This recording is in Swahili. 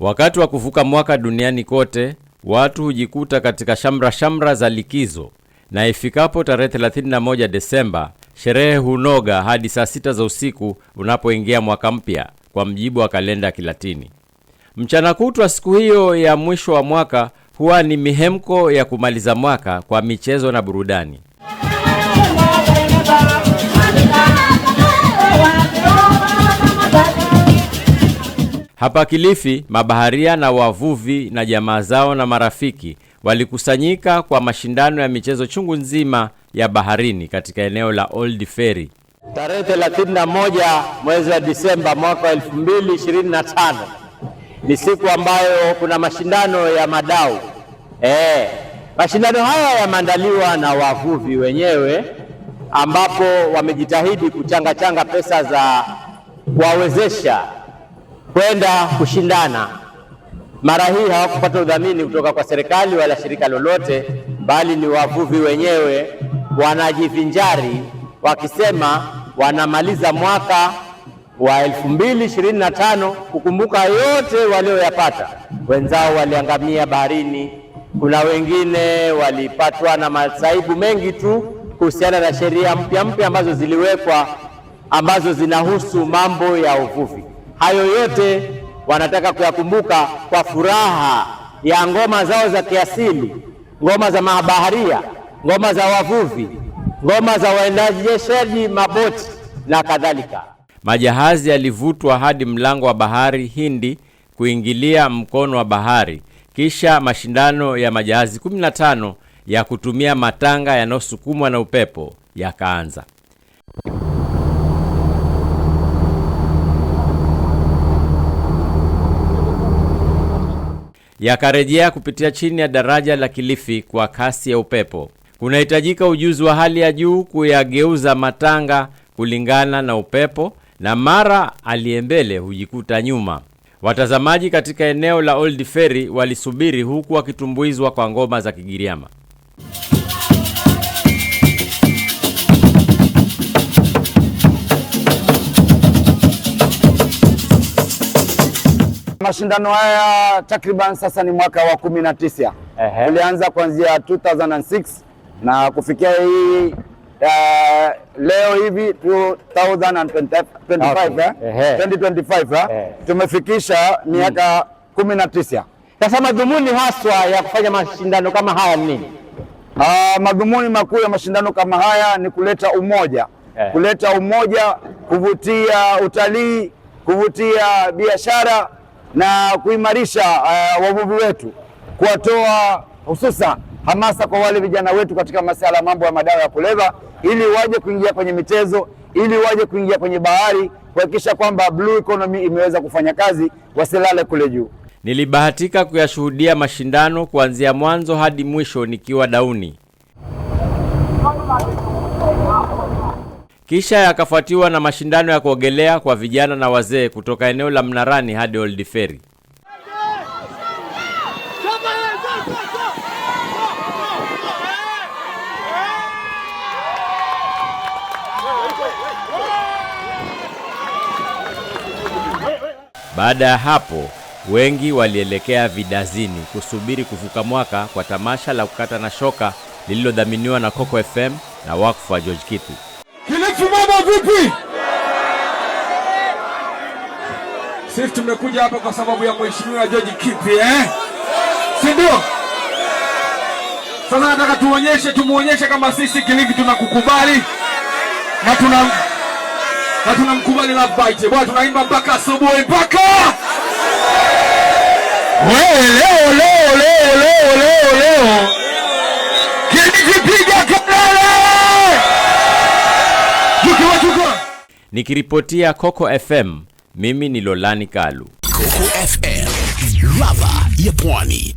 Wakati wa kuvuka mwaka duniani kote, watu hujikuta katika shamra shamra za likizo, na ifikapo tarehe 31 Desemba, sherehe hunoga hadi saa sita za usiku unapoingia mwaka mpya kwa mjibu wa kalenda Kilatini. Mchana kutwa siku hiyo ya mwisho wa mwaka huwa ni mihemko ya kumaliza mwaka kwa michezo na burudani. Hapa Kilifi, mabaharia na wavuvi na jamaa zao na marafiki walikusanyika kwa mashindano ya michezo chungu nzima ya baharini katika eneo la Old Ferry. Tarehe 31 mwezi wa Disemba mwaka 2025 ni siku ambayo kuna mashindano ya madau. E, mashindano haya yameandaliwa na wavuvi wenyewe ambapo wamejitahidi kuchanga changa pesa za kuwawezesha kwenda kushindana. Mara hii hawakupata udhamini kutoka kwa serikali wala shirika lolote, bali ni wavuvi wenyewe wanajivinjari wakisema wanamaliza mwaka wa 2025 kukumbuka yote walioyapata. Wenzao waliangamia baharini, kuna wengine walipatwa na masaibu mengi tu kuhusiana na sheria mpya mpya ambazo ziliwekwa ambazo zinahusu mambo ya uvuvi. Hayo yote wanataka kuyakumbuka kwa furaha ya ngoma zao za kiasili, ngoma za mabaharia, ngoma za wavuvi, ngoma za waendeshaji maboti na kadhalika. Majahazi yalivutwa hadi mlango wa bahari Hindi kuingilia mkono wa bahari, kisha mashindano ya majahazi 15 ya kutumia matanga yanayosukumwa na upepo yakaanza. yakarejea kupitia chini ya daraja la Kilifi kwa kasi ya upepo. Kunahitajika ujuzi wa hali ya juu kuyageuza matanga kulingana na upepo, na mara aliye mbele hujikuta nyuma. Watazamaji katika eneo la Old Ferry walisubiri huku wakitumbuizwa kwa ngoma za Kigiriama. Mashindano haya takriban sasa ni mwaka wa kumi na tisa. Tulianza kuanzia 2006 na kufikia hii Uh, leo hivi 2025, okay. eh, 2025 eh? tumefikisha miaka kumi na tisa. Sasa madhumuni haswa ya kufanya mashindano kama haya ni nini? Uh, madhumuni makuu ya mashindano kama haya ni kuleta umoja kuleta umoja, kuvutia utalii, kuvutia biashara na kuimarisha uh, wavuvi wetu, kuwatoa hususa hamasa kwa wale vijana wetu katika masuala ya mambo ya madawa ya kulevya, ili waje kuingia kwenye michezo, ili waje kuingia kwenye bahari, kuhakikisha kwamba blue economy imeweza kufanya kazi, wasilale kule juu. Nilibahatika kuyashuhudia mashindano kuanzia mwanzo hadi mwisho nikiwa dauni. Kisha yakafuatiwa na mashindano ya kuogelea kwa vijana na wazee kutoka eneo la Mnarani hadi Old Ferry. Baada ya hapo wengi walielekea vidazini kusubiri kuvuka mwaka kwa tamasha la kukata na shoka lililodhaminiwa na Coco FM na wakfu wa George Kitu. Mnasimama vipi? Sisi tumekuja hapa kwa sababu ya mheshimiwa George Kipi eh? Si ndio? Sasa nataka tuonyeshe, tumuonyeshe kama sisi Kilifi tunakukubali na tuna na tunamkubali Lavbite bwana, tunaimba mpaka asubuhi, mpaka wewe leo leo Nikiripotia Coco FM, mimi ni Lolani Kalu, Coco FM, ladha ya Pwani.